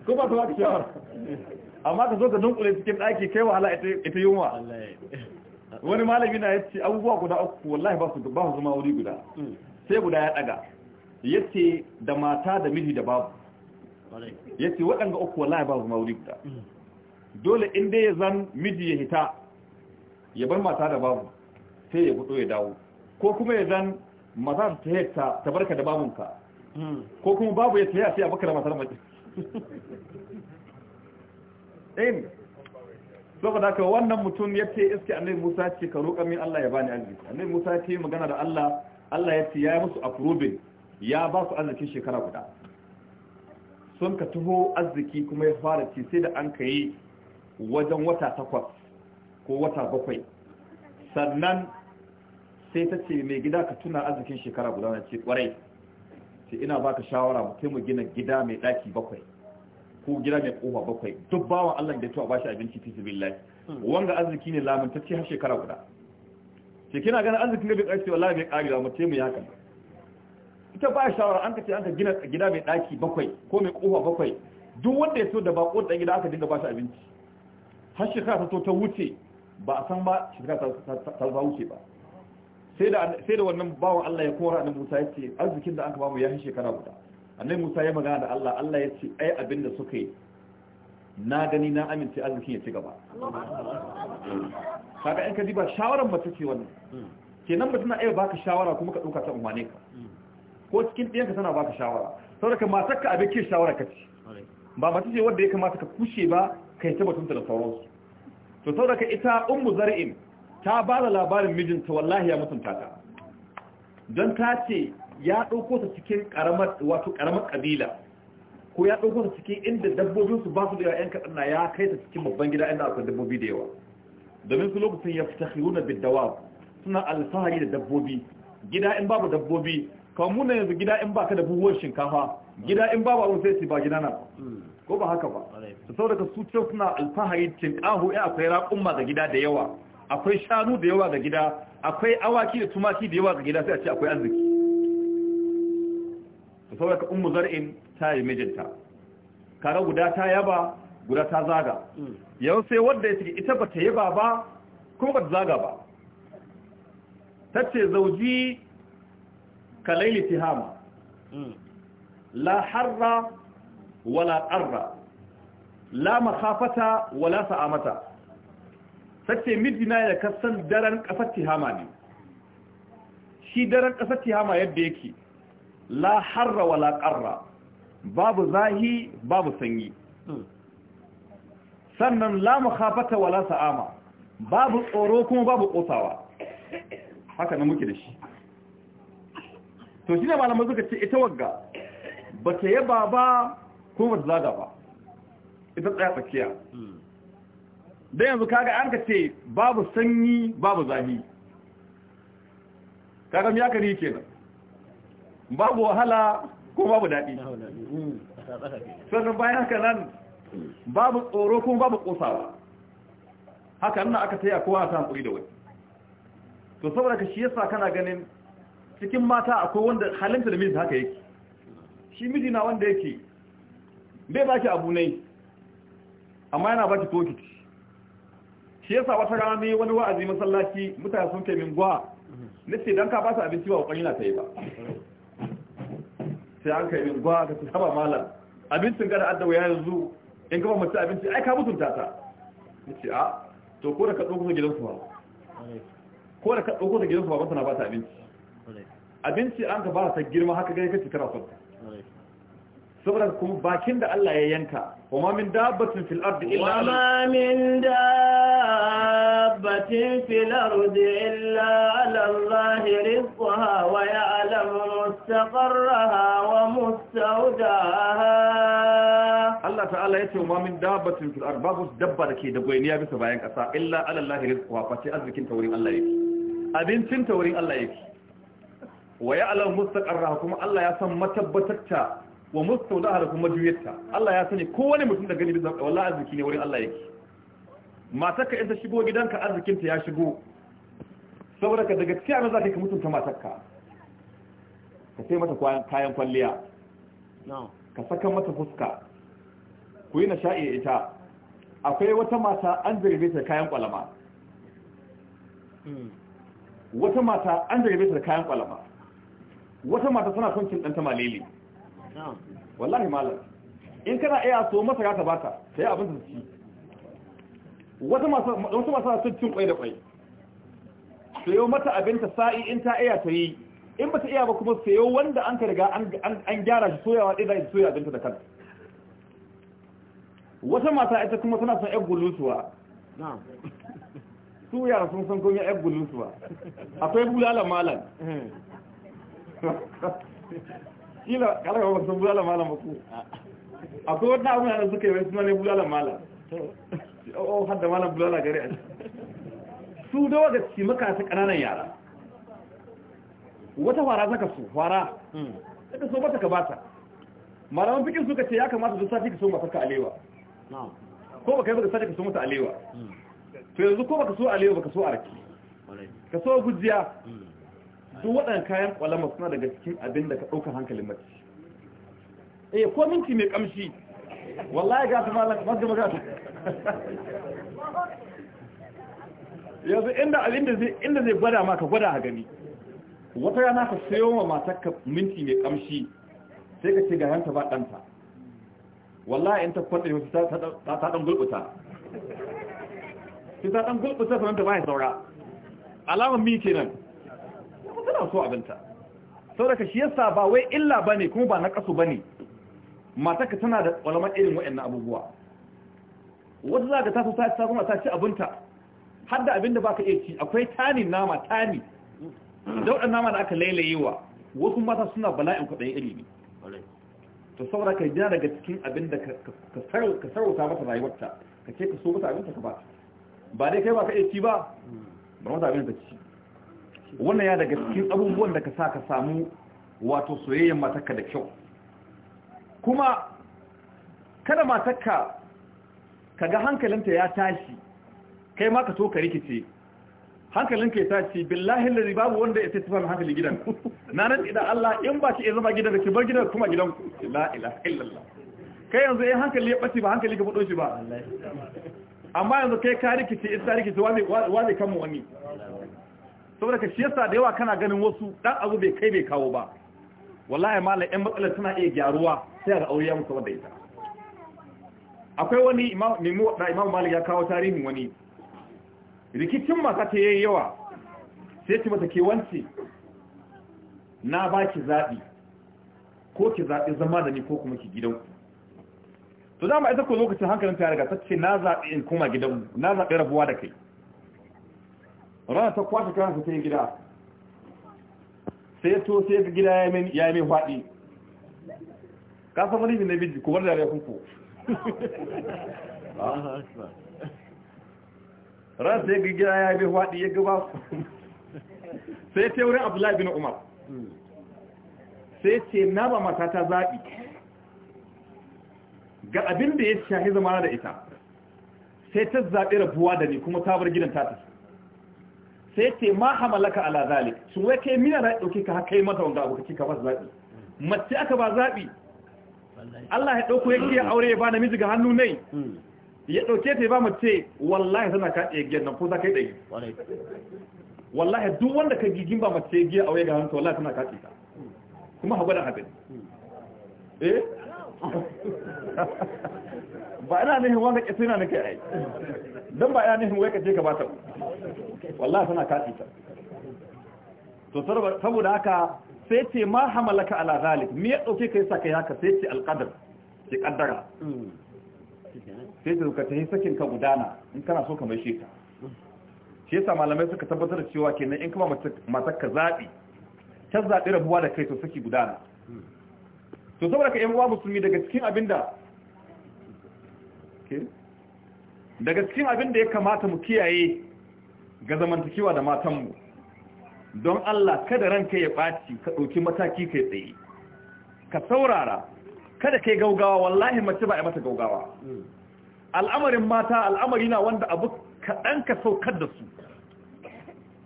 ko ba su ba amma ka zo ka dunkule cikin ɗaki kai wahala ita yunwa wani malami na ya ce abubuwa guda uku wallahi ba su ba su zama wuri guda sai guda ya ɗaga ya ce da mata da miji da babu ya ce waɗanda uku wallahi ba su zama wuri guda dole in dai ya zan miji ya hita ya bar mata da babu sai ya gudu ya dawo ko kuma ya zan maza ta yi ta tabarka da babunka hmm. ko kuma babu ya taya sai abakar matar mace So saboda haka wannan mutum ya ce iske annai Musa ce ka roƙa min Allah ya bani arziki annai Musa ya ce magana da Allah Allah ya ce ya yi musu approving ya ba su arzikin shekara guda sun ka taho arziki kuma ya fara ce sai da an ka yi wajen wata takwas ko wata bakwai sannan sai ta ce mai gida ka tuna arzikin shekara guda na ce kwarai ce ina baka shawara mu kai mu gina gida mai daki bakwai ko gida mai kofa bakwai duk bawan Allah da tuwa a bashi abinci fi sabilillah wanga arziki ne lamun ta ce har shekara guda ce kina ganin arzikin da bai karshe wallahi bai karewa mu mu ya haka ita ba shawara an ka ce an ka gina gida mai daki bakwai ko mai kofa bakwai duk wanda ya so da bako da gida aka dinga bashi abinci har shekara ta to ta wuce ba a san ba shekara ta wuce ba sai da wannan bawan Allah ya kora annabi Musa ya ce arzikin da aka bamu ya yi shekara guda annabi Musa ya magana da Allah Allah ya ce ai abin da suka yi na gani na amince arzikin ya ci gaba kaga in ka ba shawaran mace ce wannan kenan mutum na iya baka shawara kuma ka dauka ta umane ka ko cikin ka tana baka shawara saboda matarka abin ke shawara ka ci, ba mace ce wanda ya kamata ka kushe ba kai ta batunta da sauransu to saboda ita ummu zar'in ta ba da labarin mijinta wallahi ya mutunta ta don ta ce ya ɗauko ta cikin ƙaramar wato ƙaramar ƙabila ko ya ɗauko ta cikin inda dabbobinsu ba su da yawa 'yan ya kai ta cikin babban gida inda akwai dabbobi da yawa domin su lokacin ya fita hiruna biddawa suna alfahari da dabbobi gida in babu dabbobi kawai muna yanzu gida in ba ka da buhuwar shinkafa gida in babu abin sai su ba gida na ko ba haka ba su sau daga su suna alfahari cin ƙaho ya eh, akwai raƙumma ga gida da yawa akwai shanu da yawa ga gida akwai awaki da tumaki da yawa ga gida sai a ce akwai arziki da ka ummu zar'in ta yi mijinta kare guda ta yaba guda ta zaga hmm. yau sai wadda ya ce ita ba ta yaba ba kuma ba ta zaga ba ta ce zauji kalaili tihama hmm. la harra wala arra la makhafata wala sa'amata tace mijina ya kasan daren kasar tihama ne shi daren kasar tihama yadda yake la harra wa qarra babu zahi babu sanyi sannan la mukhafata la sa'ama babu tsoro kuma babu kosawa haka na muke da shi to shi ne malamai suka ce ita wagga ba ta yaba ba kuma ba ta zaga ba ita tsaya tsakiya hmm. da yanzu kaga an ka ce babu sanyi babu zafi kaga miya kari nan babu wahala ko babu daɗi mm. sannan bayan haka nan babu tsoro ko babu ƙosawa haka nan aka taya kowa ta hankuri da wani to saboda ka shi yasa kana ganin cikin mata akwai wanda halinta da miji haka yake shi miji na wanda yake bai baki abu ne amma yana baki tokiti shi yasa wata rana ne wani wa'azi masallaci mutane sun kai min gwa nace dan ka ba su abinci ba kokari na tayi ba sai an kai min gwa ka saba malam abincin gada adda ya yanzu in gaba mace abinci ai ka mutunta ta nace a to ko da ka dauko gidan su ba ko da ka dauko gidan su ba ba sana ba ta abinci abinci an ka ba ta girma haka gani kace kana son ta saboda kuma bakin da Allah ya yanka kuma min dabbatin fil ardi illa ma min dabbatin fil ardi illa ala Allah rizqaha wa ya'lamu mustaqarraha wa mustawdaha Allah ta'ala yace ma min dabbatin fil ardi babu dabba da ke da goyiniya bisa bayan kasa illa ala Allah rizqaha fa ce arzikin taurin Allah yake abincin taurin Allah yake wa ya'lamu mustaqarraha kuma Allah ya san matabbatarta wa mustawdaha da kuma juyarta Allah ya sani ko wani mutum da gani bisa wallahi arziki ne wurin Allah yake matarka in ta shigo gidanka ta ya shigo saboda ka daga cikin abin za ka mutunta matarka ka sai mata kayan kwalliya ka saka mata fuska ku yi na sha'i ita akwai wata mata an zarbe ta kayan kwalama hmm. wata mata an zarbe ta kayan kwalama wata mata tana son cin ɗanta malili wallahi malam in kana iya so masara ka bata sai abin da ci wata masu wasu masu sun cin kwai da kwai sayo mata abin ta sa'i in ta iya ta yi in ba ta iya ba kuma sayo wanda an ka riga an gyara shi soyawa ɗaya da soya abinta da kanta wata mata ita kuma tana son ƴan gulusuwa su yara sun san kun ya ƴan gulusuwa akwai bulala malam eh. kila kala ba san bulala malam ku akwai wata abu da suke yi wani suna ne bulala malam oh, oh hadda malam bulala gari a su da wadda ci ta kananan yara wata fara zaka su fara zaka so bata hmm. ka bata malaman fikin suka ce ya kamata su sati ka so mata ka alewa ko baka yi baka sake ka so mata alewa hmm. to yanzu ko baka so alewa baka so arki ka so gujiya hmm. duk waɗannan kayan kwalama suna daga cikin abin da ka ɗaukar hankalin mace eh ko minti mai ƙamshi, wallahi ga ta malaka masu gaba gata yanzu inda inda zai inda zai gwada maka gwada a gani wata rana ka sayo wa matarka minti mai ƙamshi, sai ka ce ga yanta ba ɗanta wallahi in ta kwanta yau ta ɗan gulɓuta ta ɗan gulɓuta sanar da ya saura alamar mi kenan tana so abinta saboda shi yasa ba wai illa bane kuma ba na kasu bane ka tana da kwalamar irin waɗannan abubuwa wata za ka taso ta kuma ta ci abinta har da abinda baka iya ci akwai tani nama tani daudan nama da aka lailayewa wasu mata suna bala'in kwaɗayin ilimi to saboda ka jira daga cikin abinda ka sarauta mata rayuwarta ka ce ka so mata abinta ka ba ba dai kai ba ka iya ci ba ba mata abinta ci wannan ya daga cikin abubuwan da ka sa ka samu wato soyayyar matakka da kyau kuma kada matakka ka ga hankalinta ya tashi kai ma ka so ka rikice hankalinka ya tashi billahi lalli babu wanda ya tafi hankalin gidan na nan idan Allah in ba ki iya zama gidan da ke bar gidan kuma gidan la ilaha illallah kai yanzu in hankali ya bace ba hankali ka fado shi ba amma yanzu kai ka rikice in ta rikice wa zai kan mu wani saboda ka shi yasa da yawa kana ganin wasu dan abu bai kai bai kawo ba wallahi malam ɗan matsalar tana iya gyaruwa sai ga aure ya musu wanda ita akwai wani imamu da imamu malik ya kawo tarihin wani rikicin mata ta yayi yawa sai ce mata ke wance na baki zabi ko ki zabi zama da ni ko kuma ki gidan to dama ita ko lokacin hankalin ta riga ta ce na zabi in kuma gidan na zabi rabuwa da kai rana ta kwata kansa ta yi gida sai to sai ga gida ya yi mai faɗi ka san wani ne biji kuma da ya kunku ranar sai ga gida ya yi mai faɗi ya gaba sai ta wurin abdullahi bin umar hmm. sai ce na ba mata ta zaɓi ga abin da ya shahi zama da ita sai ta zaɓi rabuwa da ni kuma ta bar gidan ta tafi sai ce ma hamalaka ala zalik shin wai kai mina zaɓi ɗauki ka kai mata wanda abu kake ka ba zaɓi? mace aka ba zaɓi? Allah ya dauko yake ya aure ya ba namiji ga hannu nai hmm. ya ɗauke ta ya ba mace wallahi tana ka ɗaya giyar nan ko za ka yi ɗaya wallahi duk wanda ka gigin ba mace giya aure ga hannu wallahi tana ka ɗaya kuma haɓa da haɓe hmm. eh ba ina nihin wanda ke suna nake ai dan ba ina nihin wai kace ka bata wallahi tana kafi ta to saboda haka sai ce ma hamalaka ala zalik me ya dauke kai saka haka sai ce alqadar ki kaddara sai ce ka tafi sakin ka gudana in kana so ka mai shi ka shi yasa malamai suka tabbatar cewa kenan in kuma matar ka zabi ta zabi rabuwa da kai to saki gudana to saboda ka yan uwa musulmi daga cikin abinda daga cikin abin da ya kamata mu kiyaye ga zamantakewa da matanmu don Allah kada ranka ya ɓaci ka ɗauki mataki kai tsaye ka saurara kada kai gaugawa wallahi mace ba a mata gaugawa al'amarin mata al'amari na wanda abu kaɗan ka saukar da su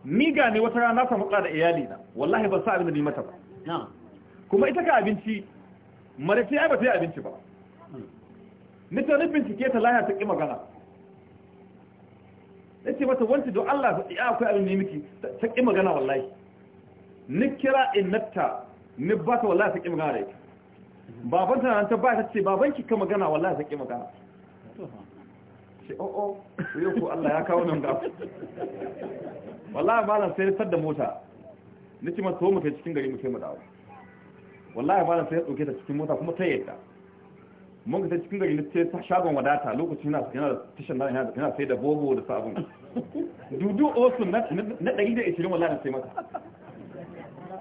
ni gane wata rana samu da iyali na wallahi ba sa abin da ni mata ba kuma ita ka abinci mara ya yi ba ta yi abinci ba nita na bincike ta laya ta ƙi magana na ce mata wanci don Allah ta ɗiya ah, akwai abin ne miki ta ƙi magana wallahi ni kira in natta ni ba ta wallahi ta ƙi magana da ita baban ta nan ta ba ta ce baban ki ka magana wallahi ta ƙi magana ce o oh, o oh, yau ko Allah ya kawo nan gafu wallahi malam sai rifar da mota ni ce mata so mu kai cikin gari mu kai mu dawo wallahi malam sai ya ɗauke ta cikin mota kuma ta yadda mun ga cikin gari ne ta shagon wadata lokacin yana yana tashan nan yana yana sai da bobo da sabon dudu osun na na 120 wallahi na sai mata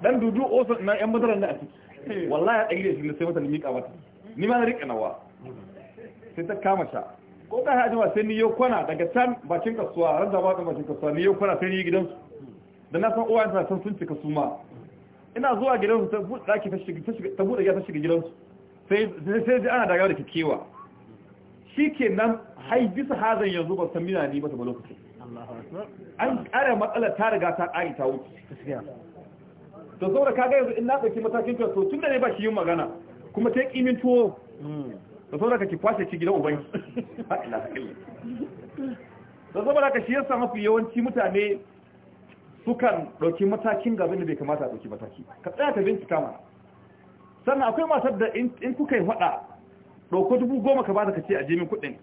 dan dudu osun na yan madaran na a ciki a 120 na sai mata ni mika mata ni ma na rika nawa sai ta kama sha ko ka haji ma sai ni yo kwana daga can bakin kasuwa ran da baka bakin kasuwa ni yo kwana sai ni gidansu da na san uwa ta san sun cika ma ina zuwa gidansu ta buɗe ta shiga ta shiga ta buɗe ta shiga gidansu sai ji ana dagawa da kekewa shi ke nan hai bisa hazan yanzu ba san mina ne ba ba lokacin an kare matsala ta riga ta ƙari ta wuce to saboda kaga yanzu in na ɗauki matakin kyau tun da ne ba shi yin magana kuma ta yi ƙimin tuwo da hmm. saboda ka ki kwashe ci gidan ubangi da saboda ka shi yasa mafi yawanci mutane sukan ɗauki matakin gaban da bai kamata a ɗauki mataki ka tsaya ka bincika mana sannan akwai matar da in kuka yi faɗa ɗauko dubu goma ka ba da ka ce a jemin kuɗin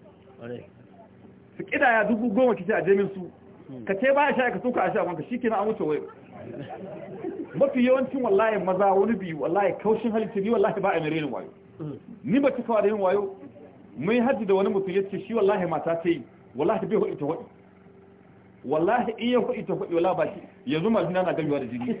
su ƙidaya dubu goma kace ce a jemin su hmm. ka ce ba a sha ka so ka a sha banka shi kenan an wuce wayo mafi yawancin wallahi maza wani biyu wallahi kaushin halittu biyu wallahi ba a mere ni wayo hmm. ni ba cika da yin wayo mun yi hajji da wani mutum ya ce shi wallahi mata ta yi wallahi bai hudu ta hudu wallahi iya hudu ta hudu wallahi ba shi yanzu majina na gamewa da jini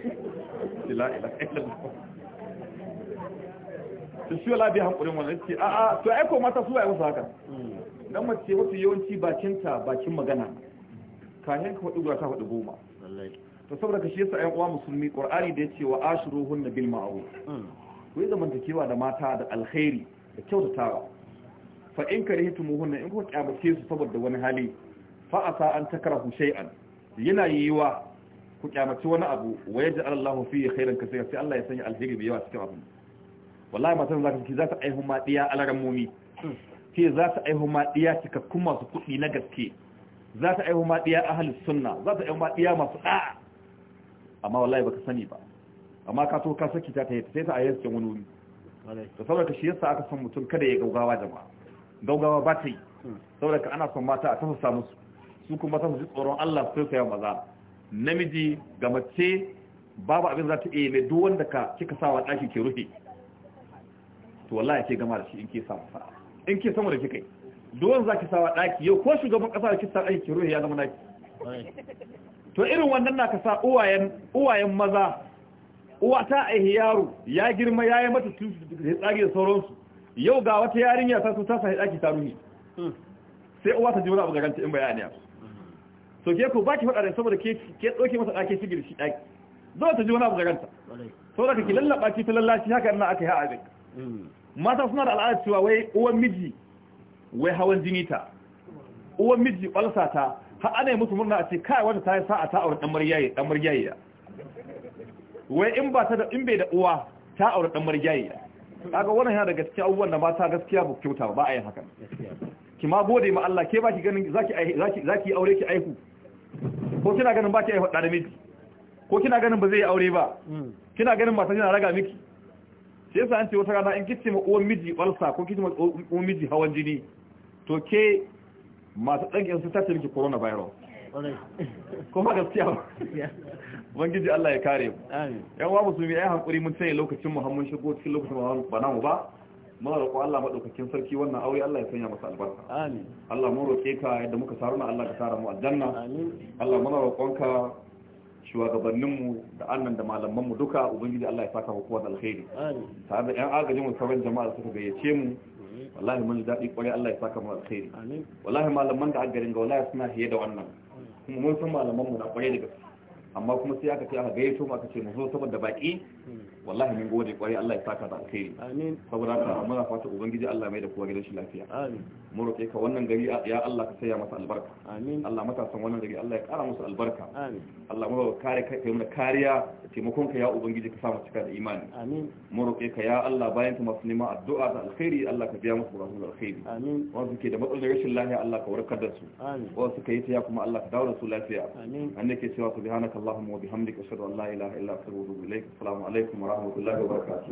to shi wala bai hankulin wannan ce a a to ai mata su ai wasu haka hmm. dan mace wasu yawanci bakin ta bakin magana kayan ka hudu ta hudu goma to saboda ka shi yasa ayan uwa musulmi qur'ani da yace wa ashruhunna bil ma'ruf hmm. ku yi zamantakewa da mata da alkhairi da kyautatawa fa in karihtumuhunna in ku kyamace su saboda wani hali fa asa an takrahu shay'an yana yiwa ku kyamaci wani abu wa yaj'al Allahu fihi khairan kaseera sai Allah ya sanya alheri mai yawa cikin abu wallahi matar za ka fi za ta aihu maɗiya a alaran momi ke za ta aihu maɗiya cikakkun masu kuɗi na gaske za ta aihu maɗiya a halin suna. za ta aihu maɗiya masu ɗa'a amma wallahi ba ka sani ba amma ka to ka saki ta tayi sai ta a yanzu wani wuri to saboda shi yasa aka san mutum kada ya gaugawa jama'a gaugawa ba ta yi saboda ana son mata a tafasa musu su kuma ta ji tsoron Allah su sai maza namiji ga mace babu abin za ta iya mai duk wanda ka kika sawa ɗaki ke rufe to wallahi ke gama da shi in ke samu sa'a in ke sama da shi kai. duwan za ki sawa daki yau ko shugaban kasa da kisa ɗaki ruhi ya zama naki? to irin wannan na sa uwayen maza uwa ta aihi yaro ya girma ya yi mata tutu da tsage da sauransu yau ga wata yarinya ta so ta sa daki ta ruhi sai uwa ta ji wani abu ganta in bayaniya so ke ko baki faɗa da saboda ke ke doke masa daki shi girshi daki zo ta ji wani abu ganta saboda ka ki lallaɓa ki ta lallashi haka ina aka yi ha'azin mm. mata suna da al'ada cewa wai uwan miji wai hawan jini ta uwan miji ƙwalsa ta har ana yi musu murna a ce kai wata ta yi sa'a ta aure dan maryayi dan maryayi wai in ba ta da in bai da uwa ta aure dan maryayi kaga wannan yana daga cikin abubuwan da mata gaskiya ba kyauta ba a yin haka ki ma gode ma Allah ke baki ganin zaki zaki zaki aure ki aihu ko kina ganin baki aihu da miji ko kina ganin ba zai aure ba hmm. kina ganin mata yana raga miki sai sa an ce wata rana in kitse ma uwan miji balsa ko kitse ma uwan miji hawan jini to ke masu ɗanƙin su ta ce miki coronavirus kuma gaskiya bangiji Allah ya kare mu yan wa musulmi ai hankuri mun tsaye lokacin mu mun shigo cikin lokacin mu ba mu ba mun roƙo Allah madaukakin sarki wannan aure Allah ya sanya masa albarka amin Allah mun roƙe ka yadda muka saruna Allah ka tara mu aljanna amin Allah mun roƙonka shugabanninmu da annan da malamanmu duka ubangiji Allah ya saka hukumar alheri tare da yan agajin mu sauran jama'a suka gayyace mu wallahi mun daɗi kwarai Allah ya saka mu alheri wallahi malaman da aka garin ga wallahi suna hiye da wannan kuma mun san malaman mu na kwarai da gaske amma kuma sai aka ce aka gayyato mu aka ce mu zo saboda baƙi. wallahi min gode kwarai Allah ya saka da alkhairi amin saboda haka muna fata ubangiji Allah mai da kowa gidan shi lafiya amin mu roke ka wannan gari ya Allah ka saya masa albarka amin Allah matasan wannan gari Allah ya kara musu albarka amin Allah mu kare kai kai mu kariya taimakon ka ya ubangiji ka sa mu cika da imani amin mu roke ka ya Allah bayan ka masu neman addu'a da alkhairi Allah ka biya musu buƙatun alkhairi amin wanda suke da matsalar rashin lafiya Allah ka warkar da su amin wanda suka yi ta kuma Allah ka dawo da su lafiya amin annake cewa subhanakallahumma wa bihamdika ashhadu an la ilaha illa anta astaghfiruka wa atubu ilaik assalamu alaikum wa rahmatullahi ka barakatuh